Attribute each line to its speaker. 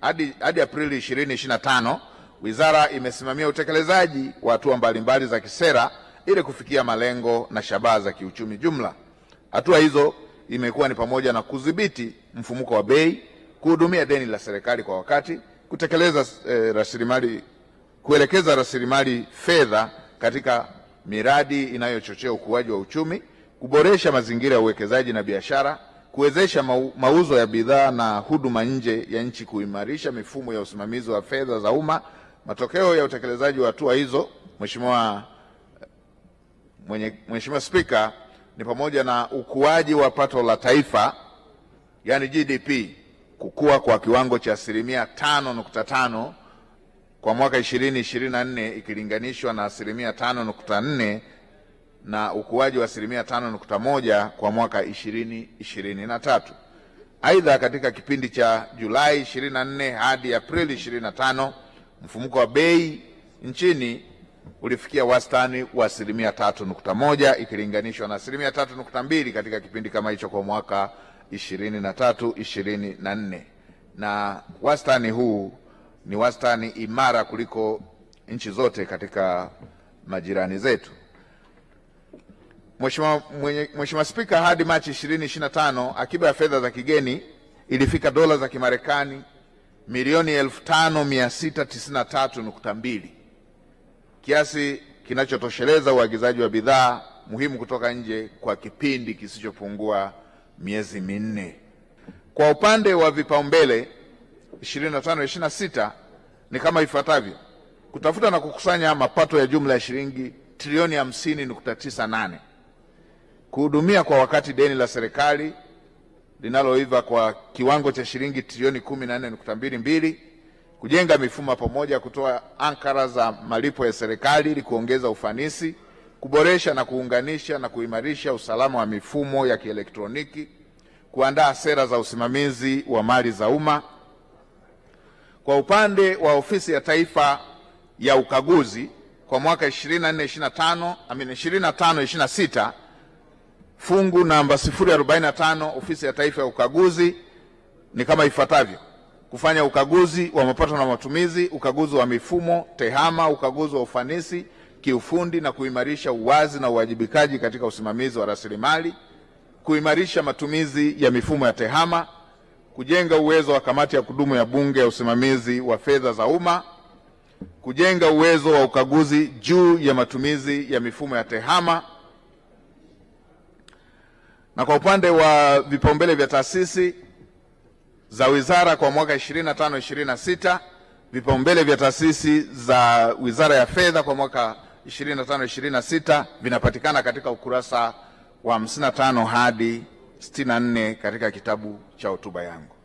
Speaker 1: hadi hadi Aprili 2025 wizara imesimamia utekelezaji wa hatua mbalimbali za kisera ili kufikia malengo na shabaha za kiuchumi jumla. Hatua hizo imekuwa ni pamoja na kudhibiti mfumuko wa bei, kuhudumia deni la serikali kwa wakati, kutekeleza eh, rasilimali kuelekeza rasilimali fedha katika miradi inayochochea ukuaji wa uchumi, kuboresha mazingira ya uwekezaji na biashara kuwezesha mauzo ya bidhaa na huduma nje ya nchi, kuimarisha mifumo ya usimamizi wa fedha za umma. Matokeo ya utekelezaji wa hatua hizo, Mheshimiwa Mheshimiwa Spika, ni pamoja na ukuaji wa pato la taifa yani GDP kukua kwa kiwango cha asilimia 5.5 kwa mwaka 2024 ikilinganishwa na asilimia 5.4 na ukuaji wa asilimia tano nukta moja kwa mwaka ishirini ishirini na tatu. Aidha, katika kipindi cha Julai 24 hadi Aprili 25 mfumuko wa bei nchini ulifikia wastani wa asilimia tatu nukta moja ikilinganishwa na asilimia tatu nukta mbili katika kipindi kama hicho kwa mwaka ishirini na nne na wastani huu ni wastani imara kuliko nchi zote katika majirani zetu. Mheshimiwa Spika, hadi Machi 2025 akiba ya fedha za kigeni ilifika dola za Kimarekani milioni 5693.2 kiasi kinachotosheleza uagizaji wa bidhaa muhimu kutoka nje kwa kipindi kisichopungua miezi minne. Kwa upande wa vipaumbele 25 26 ni kama ifuatavyo: kutafuta na kukusanya mapato ya jumla ya shilingi trilioni 50.98 kuhudumia kwa wakati deni la serikali linaloiva kwa kiwango cha shilingi trilioni mbili kujenga mifumo pamoja, kutoa ankara za malipo ya serikali ili kuongeza ufanisi, kuboresha na kuunganisha na kuimarisha usalama wa mifumo ya kielektroniki, kuandaa sera za usimamizi wa mali za umma. Kwa upande wa Ofisi ya Taifa ya Ukaguzi kwa mwaka 24 25 26 fungu namba 045 Ofisi ya Taifa ya Ukaguzi ni kama ifuatavyo: kufanya ukaguzi wa mapato na matumizi, ukaguzi wa mifumo tehama, ukaguzi wa ufanisi kiufundi na kuimarisha uwazi na uwajibikaji katika usimamizi wa rasilimali, kuimarisha matumizi ya mifumo ya tehama, kujenga uwezo wa kamati ya kudumu ya Bunge ya usimamizi wa fedha za umma, kujenga uwezo wa ukaguzi juu ya matumizi ya mifumo ya tehama na kwa upande wa vipaumbele vya taasisi za wizara kwa mwaka 25 26, vipaumbele vya taasisi za Wizara ya Fedha kwa mwaka 25 26 vinapatikana katika ukurasa wa 55 hadi 64 katika kitabu cha hotuba yangu.